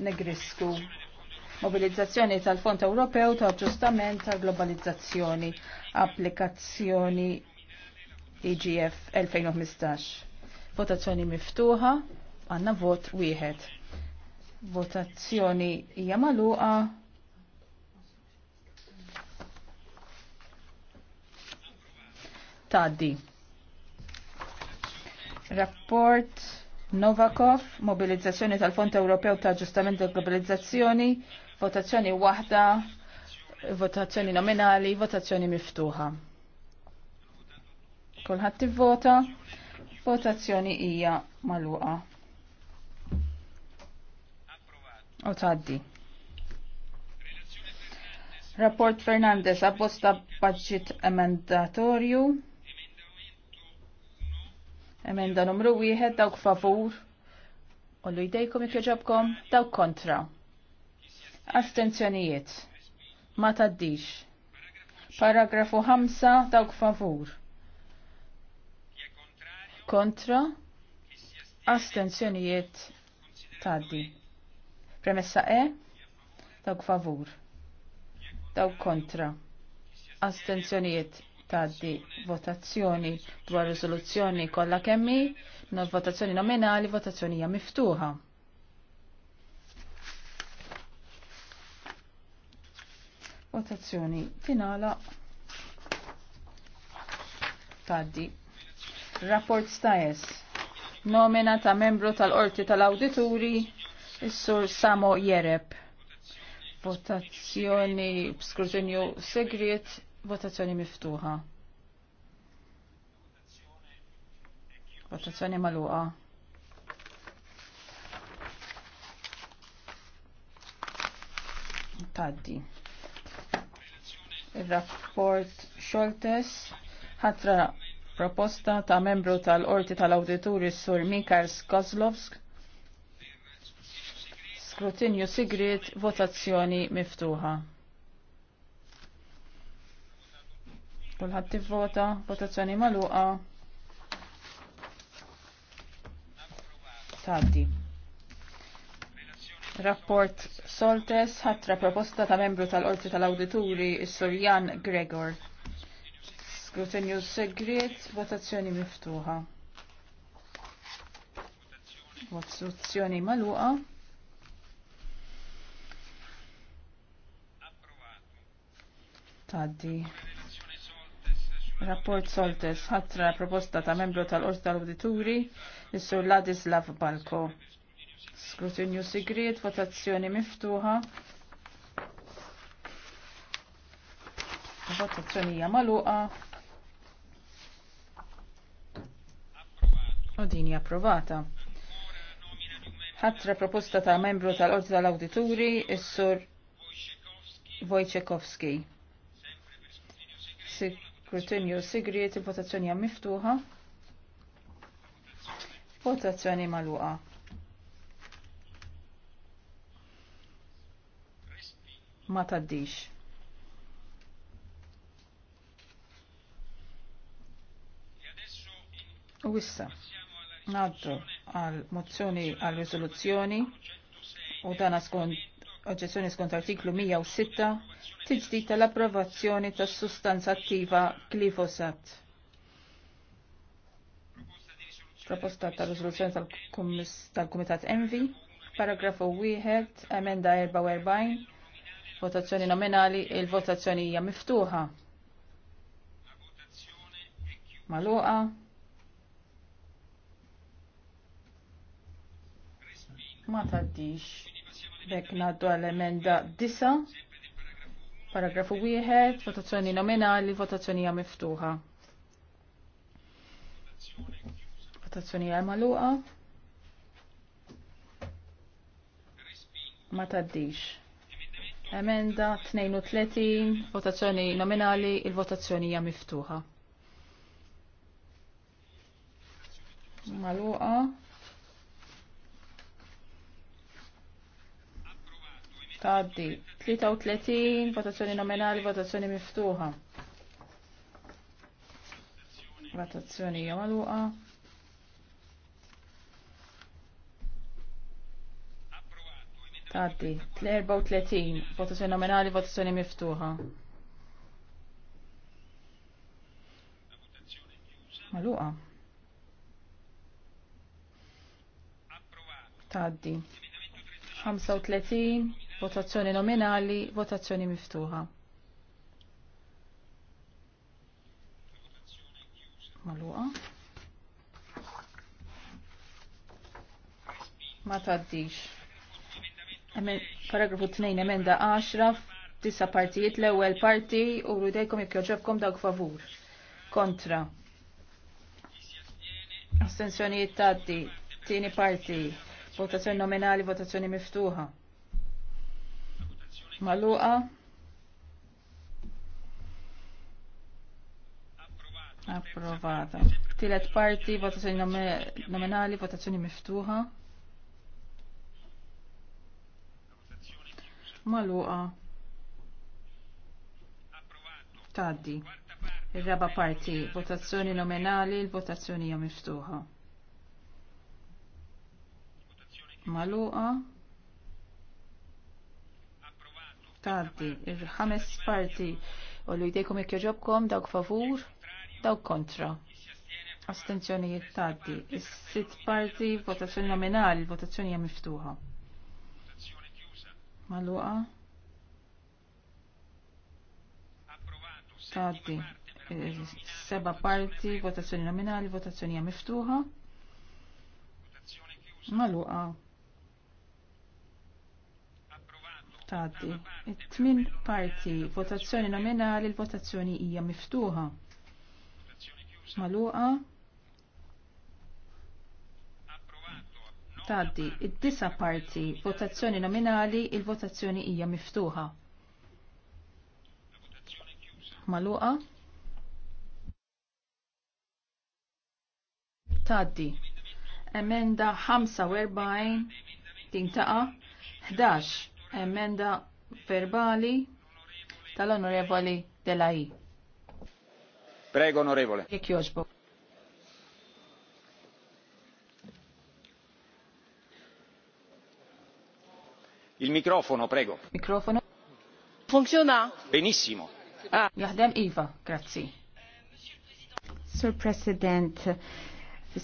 Negrisku. Mobilizzazzjoni tal-Fond Ewropew ta' ġustament ta' globalizzazzjoni. Applikazzjoni IGF e 2015. Votazzjoni miftuħa, għanna vot wieħed. Votazzjoni hija maluqa. Taddi. Rapport Novakov, mobilizzazzjoni tal-Fond Ewropew ta' ġustament tal globalizzazzjoni, votazzjoni waħda, votazzjoni nominali, votazzjoni miftuħa. Kulħadd tivvota, votazzjoni hija magħluqa. U tgħaddi. Rapport Fernandez, apposta budget emendatorju. Emenda numru wieħed dawk favur. Ollu jdejkom jek joġobkom dawk kontra. Astenzjonijiet. Ma taddix. Paragrafu 5 dawk favur. Kontra. Astenzjonijiet taddi. Premessa E. Dawk favur. Dawk kontra. Astenzjonijiet taddi votazzjoni dwar riżoluzzjoni kollha kemmi, no votazzjoni nominali, votazzjoni hija miftuħa. Votazzjoni finala tgħaddi Rapport stajes. Nomina ta' membru tal-Qorti tal-Awdituri, is-Sur Samo Jereb. Votazzjoni b'skrutinju segret Votazzjoni miftuħa. Votazzjoni maluqa. Taddi. Il-rapport Xoltes ħatra proposta ta' membru tal-Orti tal-Awdituri Sur Mikar Skoslovsk. Skrutinju sigrit, votazzjoni miftuħa. Kulħadd tivvota, votazzjoni magħluqa. Taddi. Rapport Soltes ħatra proposta ta' membru tal-Qorti tal-Awdituri is-Sur Jan Gregor. Skrutinju segret, votazzjoni miftuħa. Votazzjoni magħluqa. Taddi. Rapport Soltes, ħatra proposta ta' membru tal-Qorti tal-Awdituri, is-Sur Ladislav Balko. Skrutinju sigriet, votazzjoni miftuħa. Votazzjoni hija magħluqa. U din hija approvata. Ħatra proposta ta' membru tal-Qorti tal-Awdituri, is-Sur Wojciechowski. Kurtinju, sigriet, il-votazzjoni għam miftuħa. Votazzjoni maluqa. Ma taddix. U issa, naddu għal mozzjoni għal risoluzzjoni u dana skont oġġezzjoni skont artiklu 106 tiġdid tal-approvazzjoni tas sustanza attiva glifosat. Proposta ta' risoluzzjoni tal-Kumitat Envi, paragrafu 1, emenda 44, votazzjoni nominali, il-votazzjoni hija miftuħa. Maluqa. Ma taddix. Bekna naddu għal-emenda disa'. Paragrafu wieħed, votazzjoni nominali, votazzjoni hija miftuħa. Votazzjoni hija magħluqa. Ma taddix. Emenda 32, votazzjoni nominali, il-votazzjoni hija miftuħa. Maluqa. Taddi. 33, votazzjoni nominali, votazzjoni miftuħa. Votazzjoni jamaluqa. Taddi. 34, votazzjoni nominali, votazzjoni miftuħa. Maluqa. Taddi. 35, votazzjoni nominali, votazzjoni miftuħa. Maluqa. Ma taddix. Paragrafu 2, emenda 10, tisa partijiet, l ewwel parti, u rudejkom jek joġobkom dawk favur. Kontra. Astenzjonijiet taddi, tieni parti, votazzjoni nominali, votazzjoni miftuħa maluqa approvata Tilet parti votazzjoni nominali votazzjoni miftuħa maluqa taddi ir-raba parti votazzjoni nominali l-votazzjoni hija miftuħa maluqa taddi. Il-ħames parti u li jdejkom jek joġobkom dawk favur, dawk kontra. Astenzjonijiet taddi. is sit parti votazzjoni nominali, votazzjoni hija miftuħa. Maluqa. Taddi. Seba parti, votazzjoni nominali, votazzjoni hija miftuħa. Maluqa. tgħaddi. it tmien parti votazzjoni nominali l-votazzjoni hija miftuħa. Maluqa. Tgħaddi. Id-disa parti votazzjoni nominali il-votazzjoni hija miftuħa. Maluqa. Tgħaddi. Emenda 45 tintaqa' 11 Emenda verbali tal-Onorevoli Prego, Onorevole. il microfono prego microfono funziona benissimo ah. iva grazie. Sir president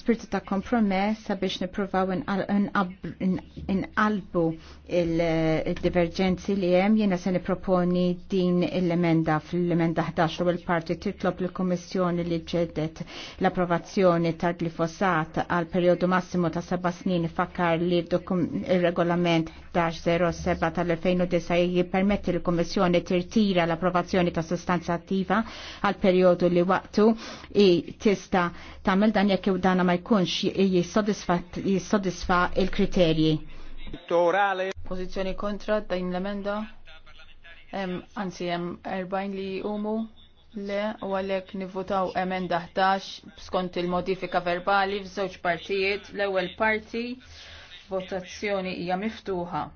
fi ta' kompromess sabiex nipruvaw inqalbu il-divergenzi li hemm jiena se niproponi din l-emenda fl-emenda 11 u l-parti titlob l-Kummissjoni li ġedet l-approvazzjoni ta' glifosat għal periodu massimo ta' seba' snin fakkar li il-regolament 1107 tal-2009 jippermetti l-Kummissjoni tirtira l-approvazzjoni ta' sostanza attiva għal periodu li waqtu i tista' tagħmel dan jekk dan tagħna ma jkunx jissodisfa il-kriterji. Pożizzjoni kontra din l-emenda? Anzi, hemm 40 li jumu le u għalhekk nivvutaw emenda 11 skont il-modifika verbali f'żewġ partijiet. L-ewwel parti votazzjoni hija miftuħa.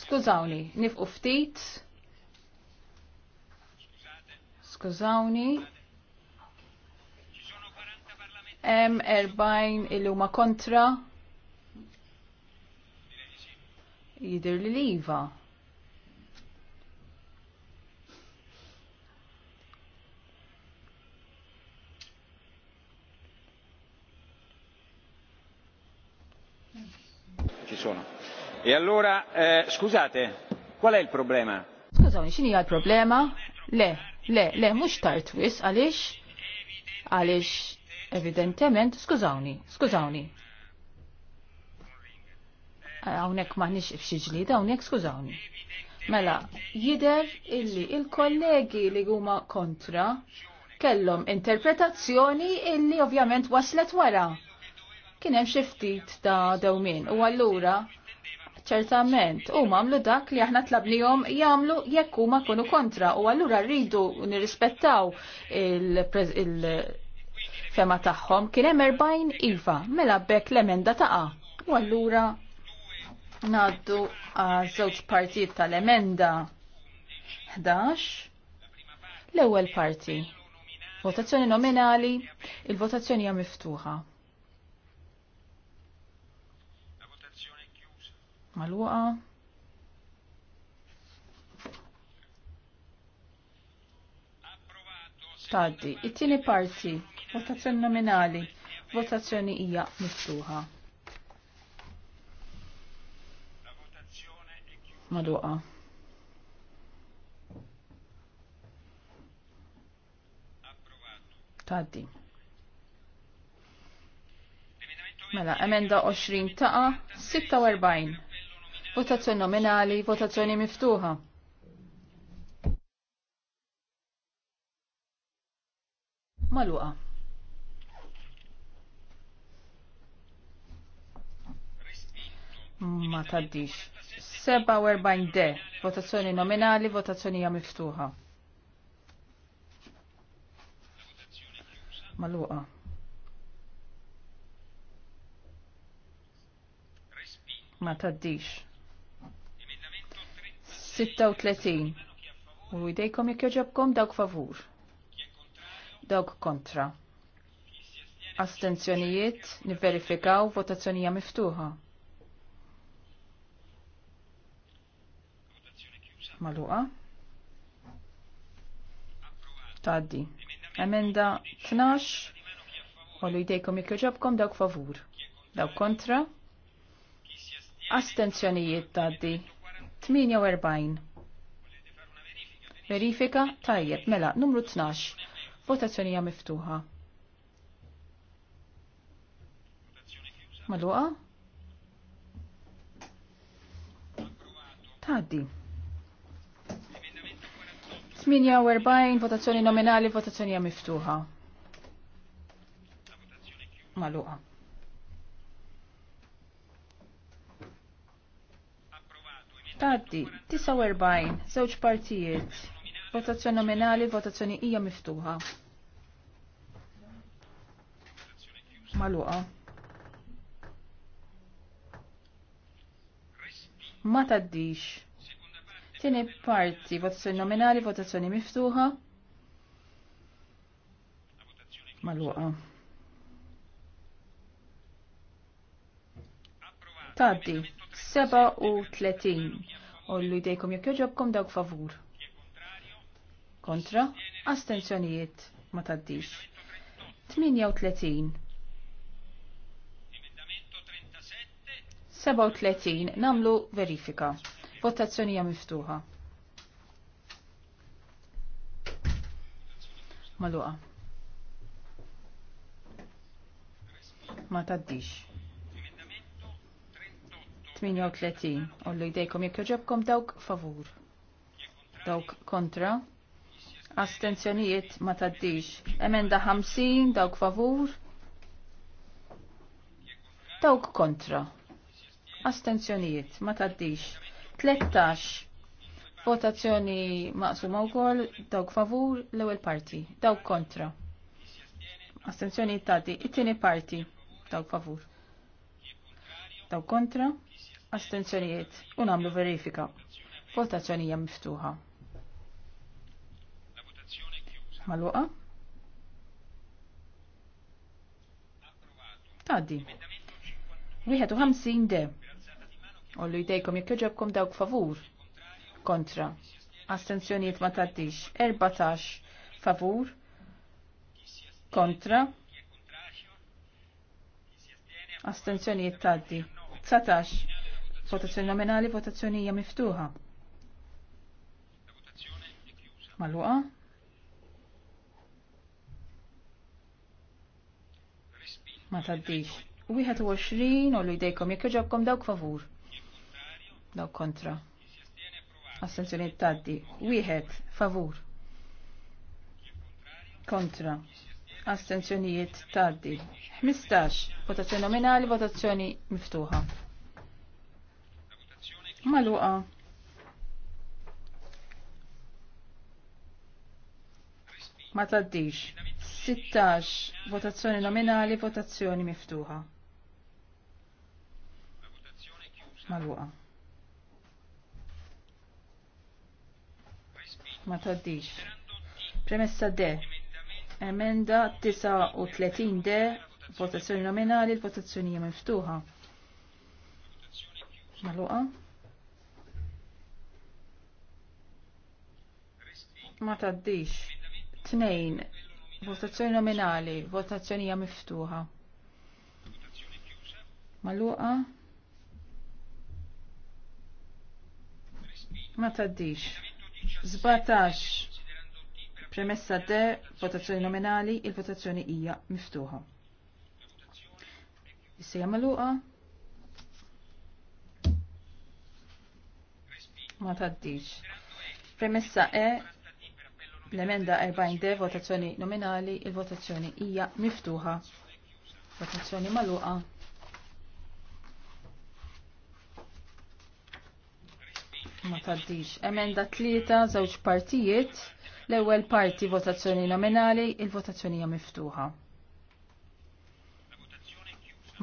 Skużawni, nifqu ftit. Skużawni. M40 il huma kontra. Jidir li liva. Ci sono. E allora, eh, scusate, qual è il problema? Scusami, xini il problema? Le, Le, le, mux tard wis, għalix, għalix, evidentement, skużawni, skużawni. Għawnek maħnix fxieġli, għawnek skużawni. Mela, jider illi il-kollegi li huma kontra kellhom interpretazzjoni illi ovvjament waslet wara. Kien hemm xi ftit ta' dewmien u allura ċertament, u mamlu dak li aħna jom jamlu jekk huma kunu kontra u allura rridu nirrispettaw il-fema il tagħhom kien hemm erbajn iva mela bekk l-emenda taqa'. U allura naddu għal żewġ partijiet tal-emenda 11 l-ewwel parti. Votazzjoni nominali, il-votazzjoni hija miftuħa. Maluqa. Taddi, it-tieni parti, votazzjoni nominali, votazzjoni hija miftuħa. Madwaqa. Taddi. Mela, emenda 20 taqa, 46 Votazzjoni nominali, votazzjoni miftuħa. Maluqa. Ma taddix. 47 de. Votazzjoni nominali, votazzjoni ja miftuħa. Maluqa. Ma taddix. 36. U idejkom jekk joġobkom dawk favur. Dawk kontra. Astenzjonijiet niverifikaw votazzjonija miftuħa. Maluqa. Taddi. Emenda 12. Ollu idejkom jekk joġobkom dawk favur. Dawk kontra. Astenzjonijiet taddi. 48. Verifika tajjeb mela numru 12. Votazzjonija miftuħa. Maluqa? Taddi. 48 votazzjoni nominali, votazzjonija miftuħa. Maluqa. Taddi, 49, żewġ partijiet. Votazzjoni nominali, votazzjoni hija miftuħa. Maluqa. Ma taddix. Tieni parti, votazzjoni nominali, votazzjoni miftuħa. Maluqa. Taddi. 37. Ollu jdejkom jekk joġobkom dawk favur. Kontra, astenzjonijiet ma taddix. 38. 37 namlu verifika. Votazzjonija miftuħa. Maluqa. Ma taddix. 38. Ollu jdejkom jekk joġobkom dawk favur. Dawk kontra. Astenzjonijiet ma taddix. Emenda 50 dawk favur. Dawk kontra. Astenzjonijiet ma taddix. 13. Votazzjoni maqsuma wkoll dawk favur l-ewwel parti. Dawk kontra. Astenzjonijiet taddi. It-tieni parti. Dawk favur. Dawk kontra astenzjonijiet u namlu verifika. Votazzjonija miftuħa. Maluqa? Taddi. 51 de. Ollu jdejkom jekk joġobkom dawk favur. Kontra. Astenzjonijiet ma taddix. 14 favur. Kontra. Astenzjonijiet taddi. 19 Votazzjoni nominali, votazzjoni hija miftuħa. Maluqa. Ma taddix. 21 u li jdejkom jekk joġobkom dawk favur. Dawk kontra. Assenzjoni taddi. Wieħed favur. Kontra. Astenzjonijiet taddi. 15. Votazzjoni nominali, votazzjoni miftuħa. Maluqa. Ma taddix. 16 votazzjoni nominali, votazzjoni miftuħa. Maluqa. Ma taddix. Premessa D. Emenda 39 D. Votazzjoni nominali, votazzjoni miftuħa. Maluqa. ma taddix. Tnejn, votazzjoni nominali, votazzjoni hija miftuħa. Maluqa. Ma taddix. 17. Premessa de, votazzjoni nominali, il-votazzjoni hija miftuħa. Issejja maluqa. Ma taddix. Premessa E, L-emenda 40 de votazzjoni nominali, il-votazzjoni hija miftuħa. Votazzjoni maluqa. Ma taddix. Emenda 3, żewġ partijiet. L-ewwel parti votazzjoni nominali, il-votazzjoni hija miftuħa.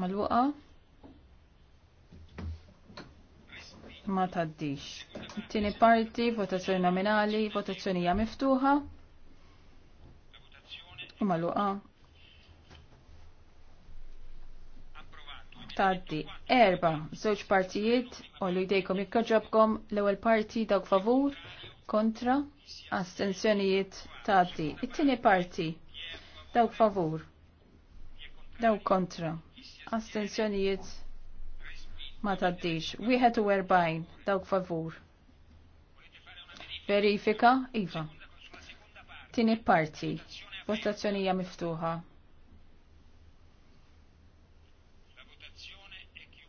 Maluqa. ma taddix. Tini parti, votazzjoni nominali, votazzjoni hija miftuħa. U luqa. Taddi. Erba, żewġ partijiet, u li jdejkom jikkaġobkom l-ewwel parti dawk favur, kontra, astenzjonijiet taddi. It-tieni parti, dawk favur, dawk kontra, astenzjonijiet ma taddix. Wieħed u erbajn, dawk favur. Verifika, Iva. Tini parti. hija miftuħa.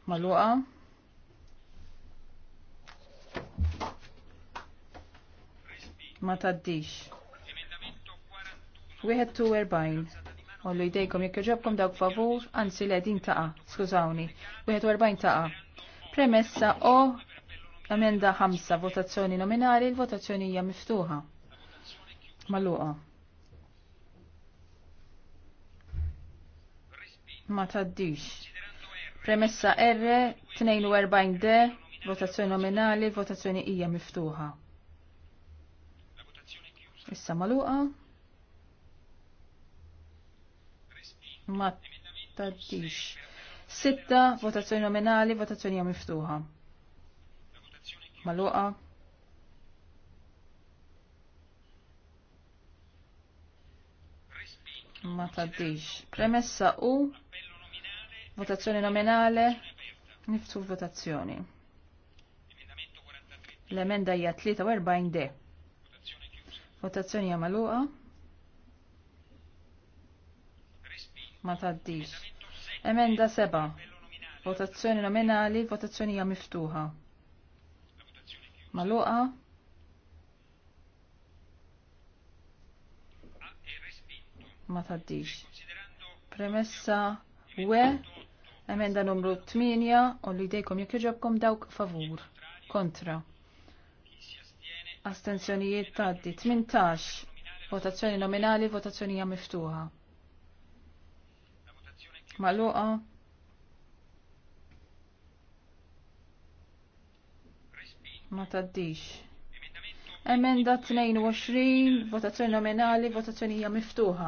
Maluqa. Ma taddix. erbajn. Ollu jdejkom jekk joġobkom dawk favur, anzi le din taqa, skużawni. 41 taqa. Premessa o emenda 5, votazzjoni nominali, l votazzjoni hija miftuħa. Maluqa. Ma taddix. Premessa R, 42 D, votazzjoni nominali, l votazzjoni hija miftuħa. Issa maluqa. ma taddix. Sitta, votazzjoni nominali, votazzjoni miftuħa. Maluqa. Ma taddix. Premessa u votazzjoni nominale, niftu votazzjoni. L-emenda hija 43 d. Votazzjoni hija maluqa. ma taddix. Emenda seba. Votazzjoni nominali, votazzjoni hija miftuħa. Maluqa. Ma taddix. Premessa we emenda numru 8 u li dejkom jekk iġobkom dawk favur. Kontra. Astenzjonijiet taddi 18. Votazzjoni nominali, votazzjoni hija miftuħa maluqa. Ma taddix. Emenda 22, votazzjoni nominali, votazzjoni hija miftuħa.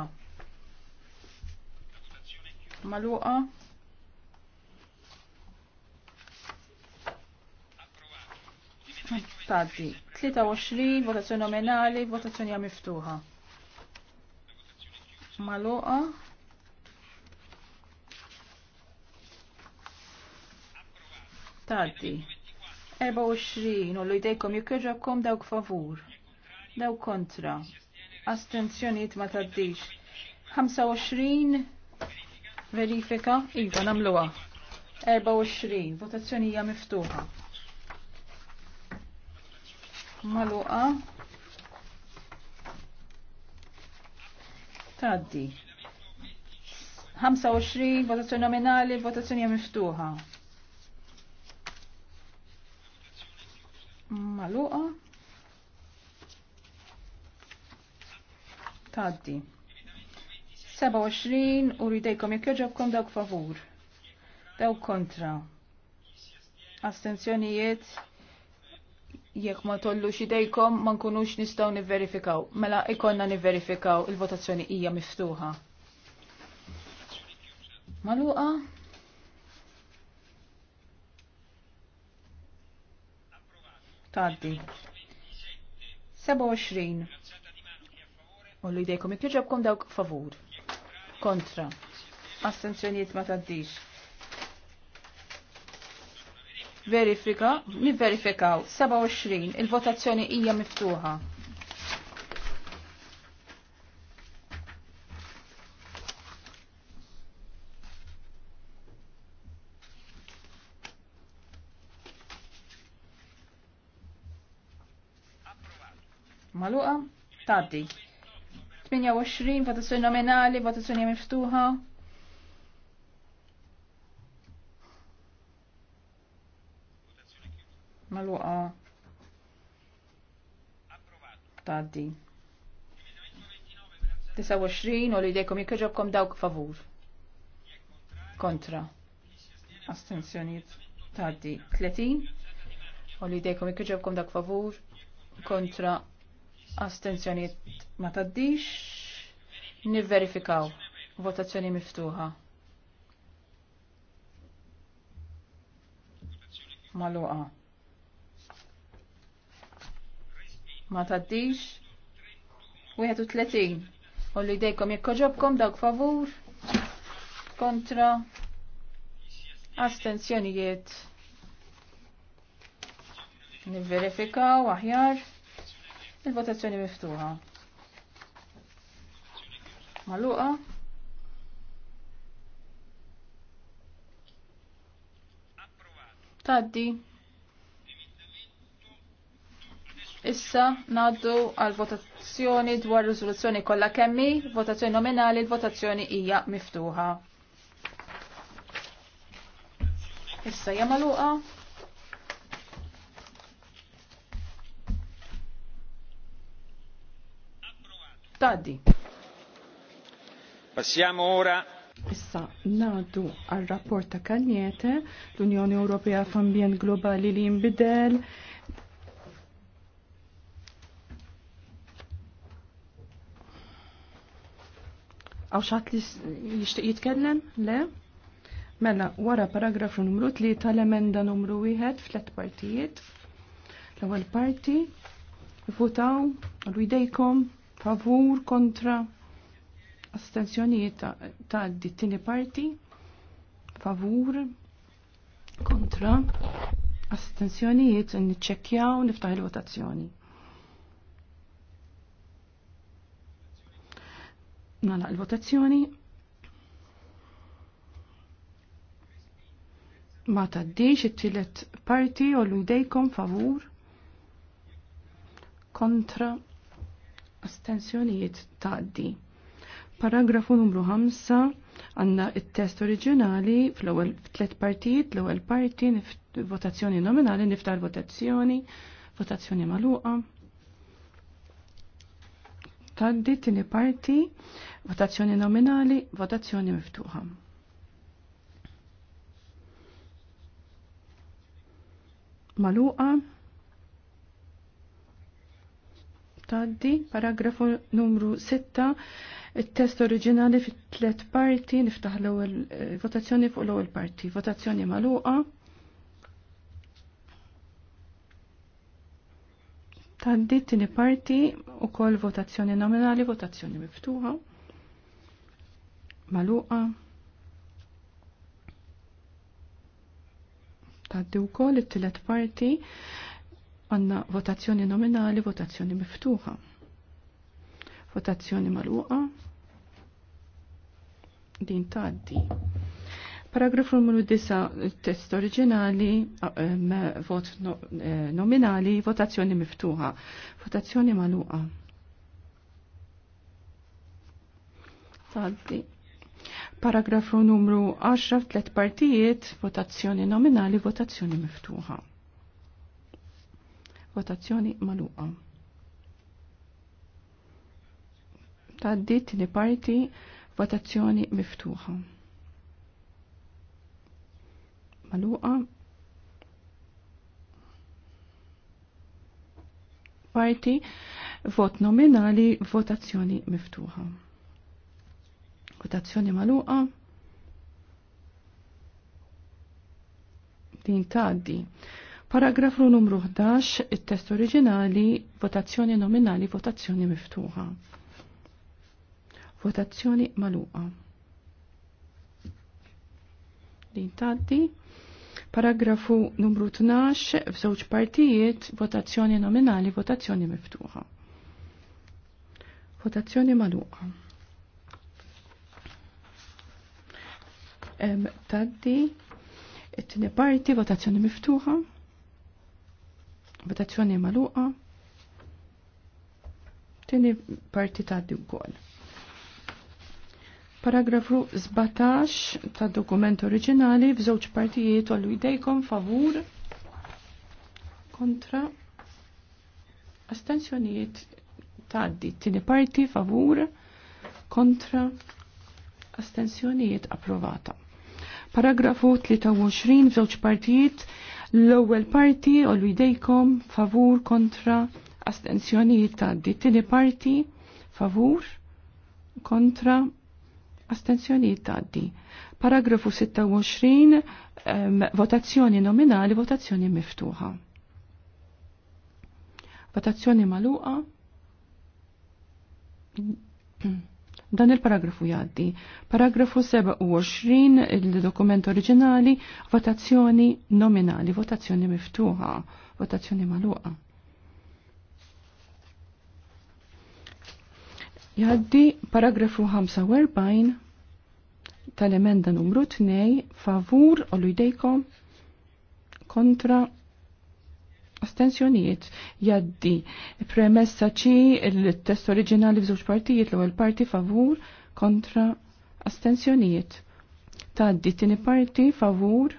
Maluqa. Taddi. 23, votazzjoni nominali, votazzjoni hija miftuħa. Maluqa. taddi. 24 u l-idejkom jikkerġabkom dawk favur. Dawk kontra. Astenzjoniet ma taddix. 25 verifika iva namluwa. 24 votazzjoni hija miftuħa. Maluqa. Taddi. 25 votazzjoni nominali, votazzjoni hija miftuħa. maluqa taddi 27 u jekk joġobkom dawk favur dawk kontra astenzjonijiet jekk ma tollux idejkom ma nkunux nistgħu nivverifikaw. Mela ikonna nivverifikaw il-votazzjoni hija miftuħa. Maluqa? Taddi. 27. Ullu jdejkom ikjoġobkom dawk favur. Kontra. Astenzjoniet ma taddix. Verifika, mi verifikaw. 27. Il-votazzjoni hija miftuħa. maluqa, taddi. 28, votazzjoni nominali, votazzjoni miftuħa. Maluqa, taddi. 29, u li dejkom jikġobkom dawk favur. Kontra. Astenzjoniet, taddi. 30, u li dejkom jikġobkom dawk favur. Kontra astenzjoniet ma taddix, nivverifikaw, votazzjoni miftuħa. Maluqa. Ma taddix, 31. Ollu jdejkom jekkoġobkom dawk favur, kontra, astenzjonijiet. Nivverifikaw, aħjar. Il-votazzjoni miftuħa. Maluqa. Taddi. Issa naddu għal votazzjoni dwar riżoluzzjoni kollha kemmi, votazzjoni nominali, l-votazzjoni hija miftuħa. Issa hija maluqa. tgħaddi. Passiamo ora Issa nadu għal rapport ta' Kanjete, l-Unjoni Ewropea f'ambjent globali li jinbidel. Għaw xaħt li jishtiq jitkellem? Le? Mela, wara paragrafu numru 3 tal-emenda numru 1 f'let partijiet. L-ewwel parti, votaw, l Widejkom? favur kontra astenzjonijiet ta' dittini parti favur kontra astenzjonijiet niċċekkjaw niftaħ il-votazzjoni. Nala il-votazzjoni ma taddix it-tielet parti u l-idejkom favur kontra astensjonijiet taddi. Paragrafu numru 5 għanna il-test oriġinali fl-ewwel tliet partijiet, l-ewwel parti votazzjoni nominali niftar votazzjoni, votazzjoni magħluqa. Taddi tieni parti, votazzjoni nominali, votazzjoni miftuħa. Maluqa. taddi, paragrafu numru 6, il-test oriġinali fit tlet parti, niftaħ l-ewel eh, votazzjoni fuq l-ewel parti, votazzjoni maluqa. Taddi tini parti u kol votazzjoni nominali, votazzjoni miftuħa, maluqa. Tgħaddi u kol it-tlet parti, Għanna votazzjoni nominali, votazzjoni miftuħa. Votazzjoni maluqa. Din taddi. Paragrafu numru 9, test oriġinali, eh, vot eh, nominali, votazzjoni miftuħa. Votazzjoni maluqa. Taddi. Paragrafu numru 10, tlet partijiet, votazzjoni nominali, votazzjoni miftuħa. Votazzjoni maluqa. Taddit li parti votazzjoni miftuħa. Maluqa. Parti vot nominali votazzjoni miftuħa. Votazzjoni maluqa. din taddi. Paragrafu numru 11, il-test oriġinali, votazzjoni nominali, votazzjoni miftuħa. Votazzjoni maluqa. Din Paragrafu numru 12, f'żewġ partijiet, votazzjoni nominali, votazzjoni miftuħa. Votazzjoni maluqa. Em, taddi. It-tini parti, votazzjoni miftuħa. Votazzjoni maluqa. Tieni parti ta' wkoll. Paragrafu 17 ta' dokument oriġinali f'żewġ partijiet għallu idejkom favur kontra astensjonijiet di Tieni parti favur kontra astensjonijiet approvata. Paragrafu 23 f'żewġ partijiet L-ewwel parti u l-idejkom favur kontra astenzjonijiet taddi. Tieni parti favur kontra astenzjonijiet di. Paragrafu 26 votazzjoni nominali, votazzjoni miftuħa. Votazzjoni maluqa. dan il-paragrafu jaddi. Paragrafu 27 il-dokument oriġinali, votazzjoni nominali, votazzjoni miftuħa, votazzjoni maluqa. Jaddi paragrafu 45 tal-emenda numru 2 favur u idejkom kontra astensjonijiet jaddi premessa ċi il-test oriġinali f'żewġ partijiet l ewwel parti favur kontra astensjonijiet. Taddi tini parti favur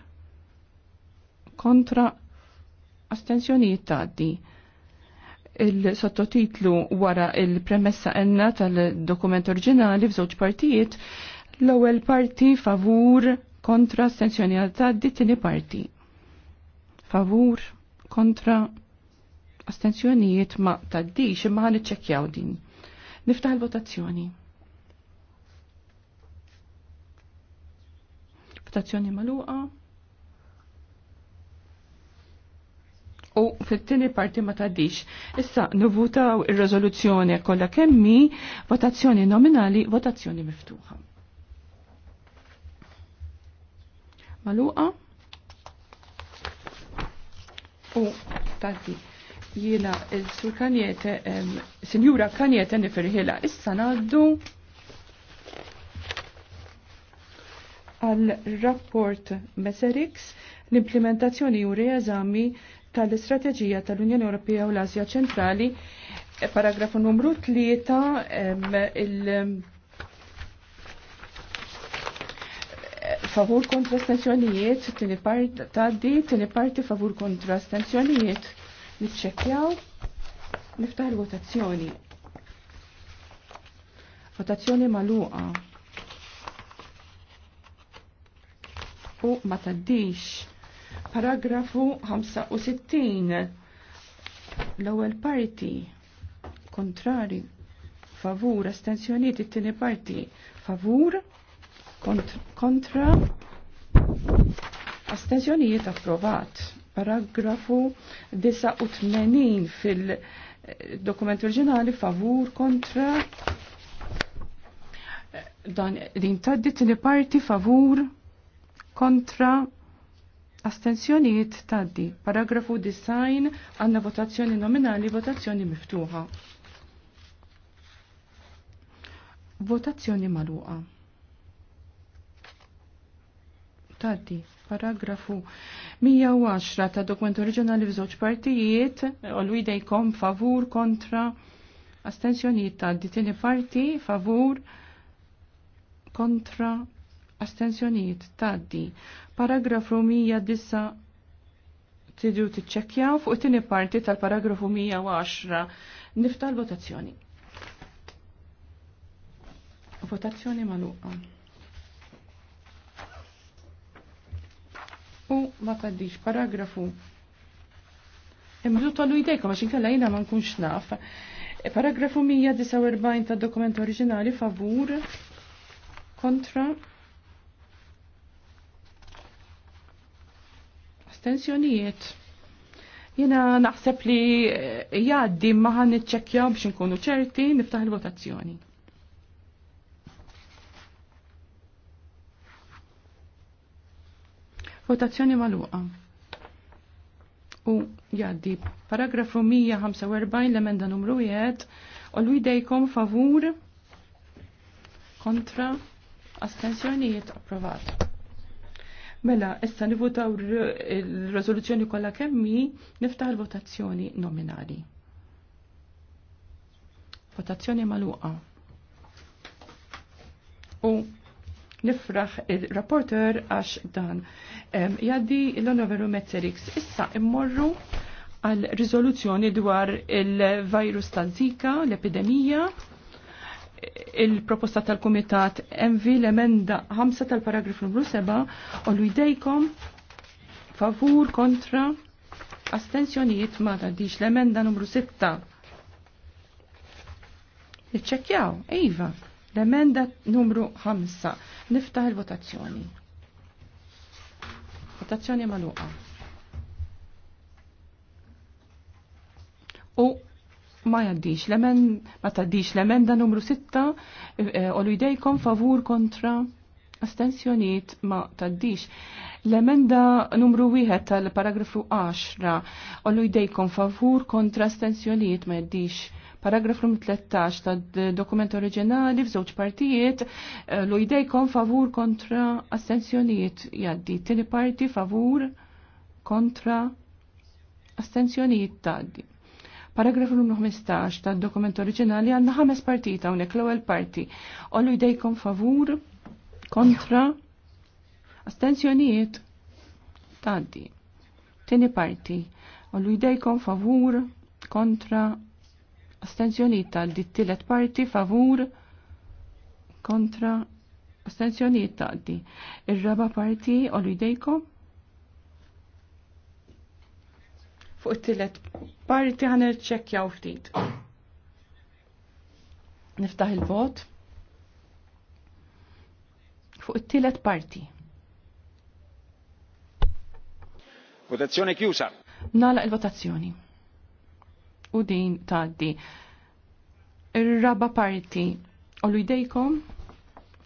kontra astensjonijiet taddi. Il-sottotitlu wara il-premessa enna tal-dokument oriġinali f'żewġ partijiet l ewwel parti favur kontra astensjonijiet taddi tini parti. Favur kontra astenzjonijiet ma taddix imma ħan iċċekjaw din. Niftaħ il-votazzjoni. Votazzjoni maluqa. U fit-tieni parti ma taddix. Issa nivutaw ir-riżoluzzjoni kollha kemmi votazzjoni nominali, votazzjoni miftuħa. Maluqa. U tanti jiena il-sur kanjete, sinjura kanjete nifirħila, issa naddu għal rapport Meserix l-implementazzjoni u reżami tal-istrateġija tal-Unjoni Ewropea u l azja ċentrali, paragrafu numru 3, il- favur kontra stenzjonijiet, tini part taddi, tini parti favur kontra stanzjonijiet. Nitċekjaw, niftaħ votazzjoni Votazzjoni maluqa. U ma taddix. Paragrafu 65. L-ewwel parti kontrari favur, astenzjoniet it-tieni parti favur, Kont kontra astenzjonijiet approvat. Paragrafu 89 fil-dokument eh, oriġinali favur kontra eh, dan din taddit tini parti favur kontra astenzjonijiet taddi. Paragrafu design għanna votazzjoni nominali, votazzjoni miftuħa. Votazzjoni maluqa. taddi. Paragrafu 110 ta' dokument oriġinali f'żewġ partijiet, ollu favur kontra astensjonijiet taddi. Tieni parti favur kontra astensjonijiet taddi. Paragrafu 109 tidju tiċċekkjaw fuq it-tieni parti tal-paragrafu 110 nifta l-votazzjoni. Votazzjoni maluqa. u ma taddix paragrafu. Imżu tollu jdejkom għaxin kalla jina ma nkunx naf. Paragrafu 149 ta' dokument oriġinali favur kontra astensjonijiet. Jena naħseb li jaddi maħan iċċekja biex nkunu ċerti niftaħ il-votazzjoni. Votazzjoni maluqa. U jaddi paragrafu 145 l-emenda numru 1 u l-widejkom favur kontra astensjonijiet approvat. Mela, issa nivutaw il rezoluzjoni kollha kemmi niftaħ l votazzjoni nominali. Votazzjoni maluqa. U nifraħ il-rapporter għax dan. Jaddi l-onoveru Metzerix. Issa immorru għal rizoluzzjoni dwar il-virus tal-Zika, l-epidemija, il-proposta tal-Komitat MV l-emenda 5 tal-paragraf numru 7 u l-idejkom favur kontra astensjonijiet ma tadix l-emenda numru 6. Iċċekjaw, Iva, l-emenda numru 5. Niftaħ il-votazzjoni. Votazzjoni maluqa. U ma jaddix l-emen, ma taddix l-emenda numru 6, eh, eh, u idejkom favur kontra astensjoniet ma taddix. L-emenda numru 1 tal-paragrafu 10, u idejkom favur kontra astensjoniet ma jaddix Paragraf Paragrafu 13 ta' dokument oriġinali f'żewġ partijiet eh, lu jdejkom favur kontra astenzjonijiet jaddi. Tieni parti favur kontra astenzjonijiet taddi. Paragrafu numru 15 ta' dokument oriġinali għandna ħames partita hawnhekk l-ewwel parti. Ollu jdejkom favur kontra astenzjonijiet tgħaddi. Tieni parti. Ollu jdejkom favur kontra astenzjoniet tal di tillet parti favur kontra astenzjoniet tal di ir-raba parti u idejkom fuq it-tillet parti ħan irċekkjaw ftit. Niftaħ il-vot fuq it-tillet parti. Votazzjoni chiusa. Nala il-votazzjoni u din taddi. Ir-raba parti, ollu jdejkom,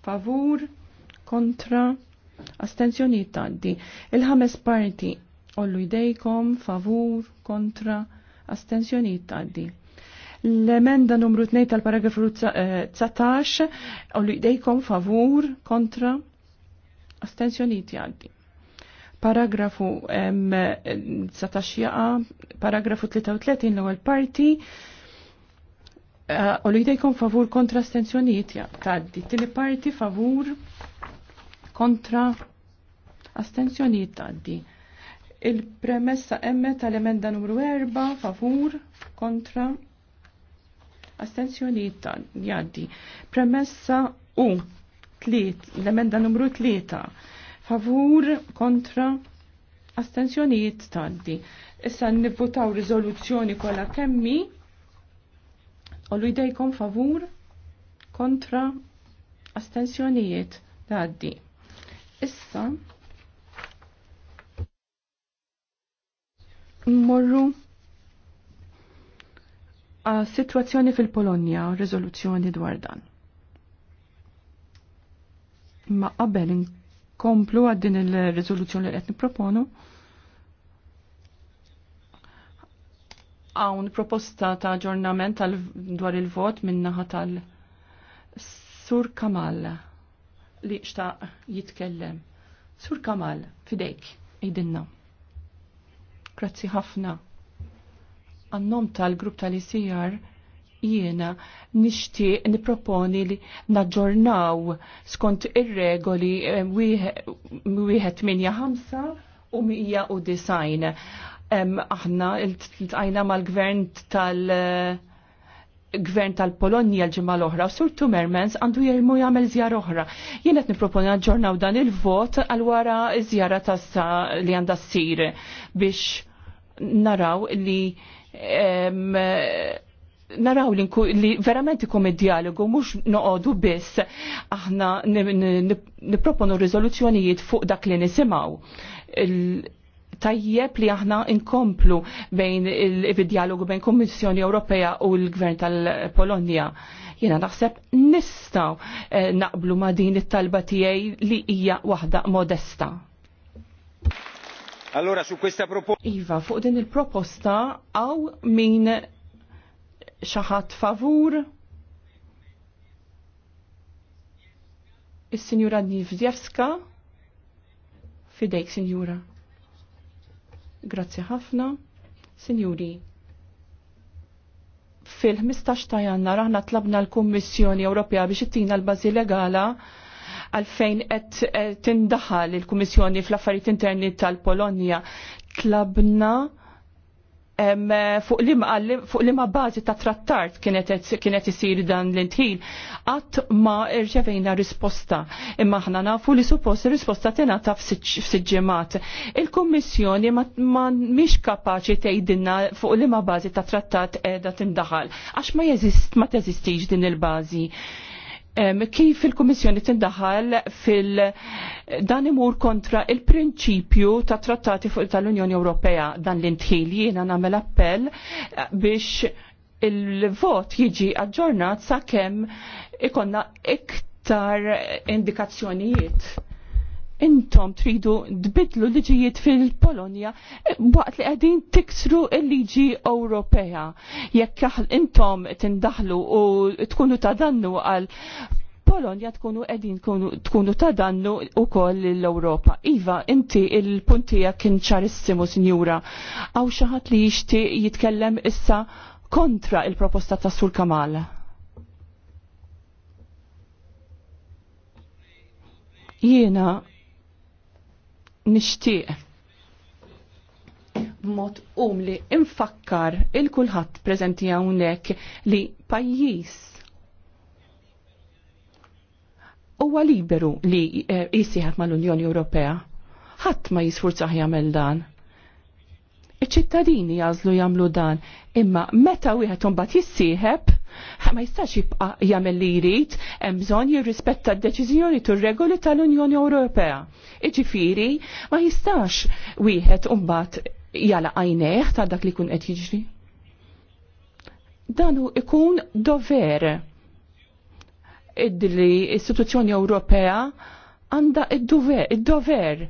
favur, kontra, astenzjoni taddi. Il-ħames parti, ollu jdejkom, favur, kontra, astenzjoni taddi. L-emenda numru 2 tal-paragrafu 19, eh, ollu jdejkom, favur, kontra, astenzjoni taddi Paragrafu 19 jaqa, paragrafu 33 l-ewwel parti, eh, u li jdejkom favur kontra astenzjonijiet taddi. Tini parti favur kontra astenzjonijiet taddi. Il-premessa emme tal-emenda numru 4 favur kontra astenzjonijiet taddi. Premessa u tliet, l-emenda numru 3 favur kontra astensjonijiet tanti. Issa nivvotaw rizoluzzjoni kollha kemmi Ollu idejkom favur kontra astensjonijiet taddi. Issa mmorru situazzjoni fil-Polonja, riżoluzzjoni dwar dan. Ma qabel komplu għad din il-rezoluzzjoni li qed nipproponu. Hawn proposta ta' aġġornament dwar il-vot min-naħa tal-Sur Kamal li xta' jitkellem. Sur Kamal, fidejk, idinna. Grazzi ħafna. Annom tal-grupp tal-ICR jiena nixtieq niproponi li naġġornaw skont ir-regoli eh, wieħed minja ħamsa u mija u design. Aħna l-tqajna mal-gvern tal- eh, gvern tal polonia l-ġimma l-oħra, Sur Mermens għandu jirmu jagħmel żjar oħra. Jien qed nipproponi ġġornaw dan il-vot għal wara żjara tassa li għandha ssir biex naraw li naraw li, li verament ikom id-dialogu mux noqodu biss aħna niproponu rizoluzzjonijiet fuq dak li nisimaw. Tajjeb li aħna inkomplu bejn il-dialogu bejn Kommissjoni Ewropea u l-Gvern tal-Polonja. Jena naħseb nistaw eh, naqblu ma din it-talba tiegħi li hija waħda modesta. Allora su questa proposta Iva, fuq din il-proposta għaw min xaħat favur. Is-Sinjura Nivdjevska. Fidejk, Sinjura. Grazzi ħafna. Sinjuri, fil-15 ta' jannar aħna tlabna l-Kummissjoni Ewropea biex ittina l-bażi legala għalfejn qed eh, tindaħal il-Kummissjoni fl-affarijiet interni tal-Polonja tlabna fuq li ma fuq li ma bażi ta' trattart kienet kienet dan l-intħil qatt ma rċevejna risposta imma aħna nafu li suppost risposta tingħata f ġimgħat. Il-Kummissjoni ma mhix kapaċi tgħidilna fuq li ma bażi ta' trattat qiegħda tindaħal għax ma jeżist ma teżistix din il-bażi kif il-Kummissjoni tindaħal fil-dan imur kontra il-prinċipju ta' trattati fuq tal-Unjoni Ewropea dan l-intħil jiena nagħmel appell biex il-vot jiġi aġġornat sakemm ikonna iktar indikazzjonijiet intom tridu tbidlu liġijiet fil-Polonja waqt li qegħdin tiksru l-liġi Ewropea. Jekk intom tindaħlu u tkunu ta' dannu għal Polonja tkunu qegħdin tkunu ta' dannu wkoll l-Ewropa. Iva, inti il-puntija kien ċarissimu, sinjura. Għaw xi ħadd li jixtieq jitkellem issa kontra il-proposta ta' sul Kamal. Jiena nixtieq b'mod um li infakkar il-kulħadd preżenti hawnhekk li pajjiż huwa liberu li eh, jisieħed mal-Unjoni Ewropea. Ħadd ma jisfurzaħ jagħmel dan. Iċ-ċittadini jażlu jagħmlu dan, imma meta wieħed imbagħad jissieħeb ma jistax jibqa jagħmel li jrid, hemm bżonn jirrispetta d-deċiżjoni tur regoli tal-Unjoni Ewropea. Iġifieri ma jistax wieħed mbagħad jala għajneħ ta' dak li kun qed jiġri. Danu ikun dover id-li istituzzjoni Ewropea għanda id-dover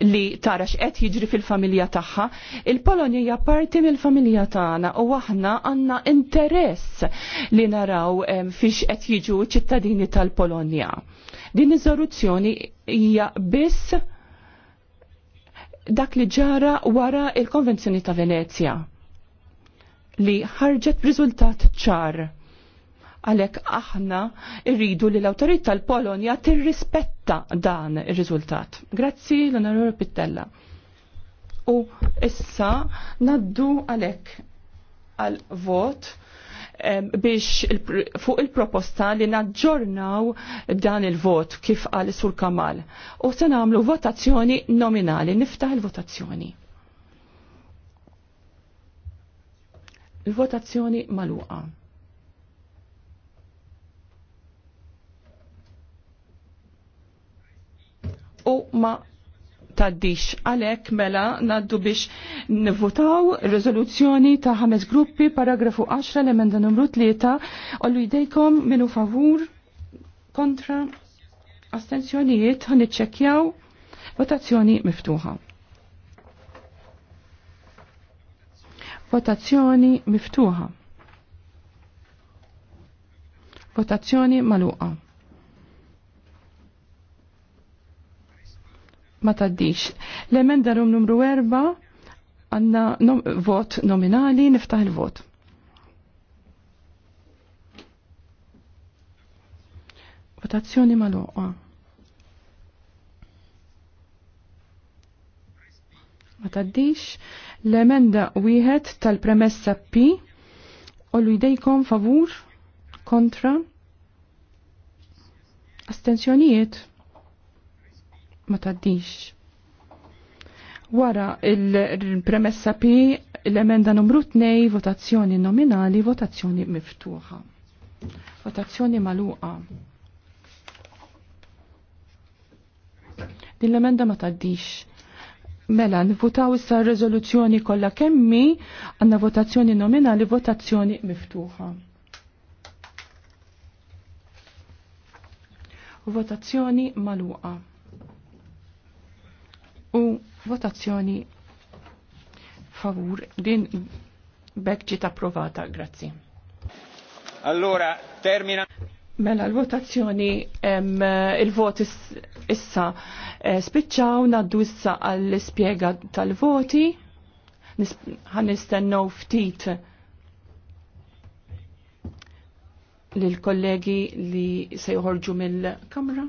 li tara x'qed jiġri fil-familja tagħha, il-Polonja hija parti mill-familja tagħna u aħna għandna interess li naraw fiex qed jiġu ċittadini tal-Polonja. Din iż-żoluzzjoni hija biss dak li ġara wara il-Konvenzjoni ta' Venezia li ħarġet riżultat ċar Għalek aħna irridu li l autorità tal-Polonja tirrispetta dan ir-riżultat. Grazzi l onorur Pittella. U issa naddu għalek għal-vot biex fuq il-proposta li naġġornaw dan il-vot kif għal sur Kamal. U se nagħmlu votazzjoni nominali, niftaħ il-votazzjoni. Il-votazzjoni maluqa. u ma taddix għalek mela naddu biex nivvutaw rezoluzzjoni ta' ħames gruppi paragrafu 10 l-emenda numru 3 ollu jdejkom minu favur kontra astenzjonijiet ħaniċċekjaw votazzjoni miftuħa. Votazzjoni miftuħa. Votazzjoni maluqa. ma taddix. L-emenda rum numru 4 għanna nom vot nominali niftaħ il-vot. Votazzjoni ma loqa. ma taddix l-emenda wieħed tal-premessa P ollu jdejkom favur kontra astenzjonijiet ma taddix. Wara il-premessa pi, l-emenda numru 2, votazzjoni nominali, votazzjoni miftuħa. Votazzjoni maluqa. Din l-emenda ma taddix. Mela, nivutaw issa r-rezoluzzjoni kollha kemmi għandna votazzjoni nominali, votazzjoni miftuħa. Votazzjoni maluqa u votazzjoni favur din bekġit ġiet approvata, grazzi. Allora, termina. Mela l-votazzjoni il-vot issa eh, spiċċaw naddu issa għall-ispjega tal-voti. Ħanistennew ftit lill kollegi li se joħorġu mill-kamra.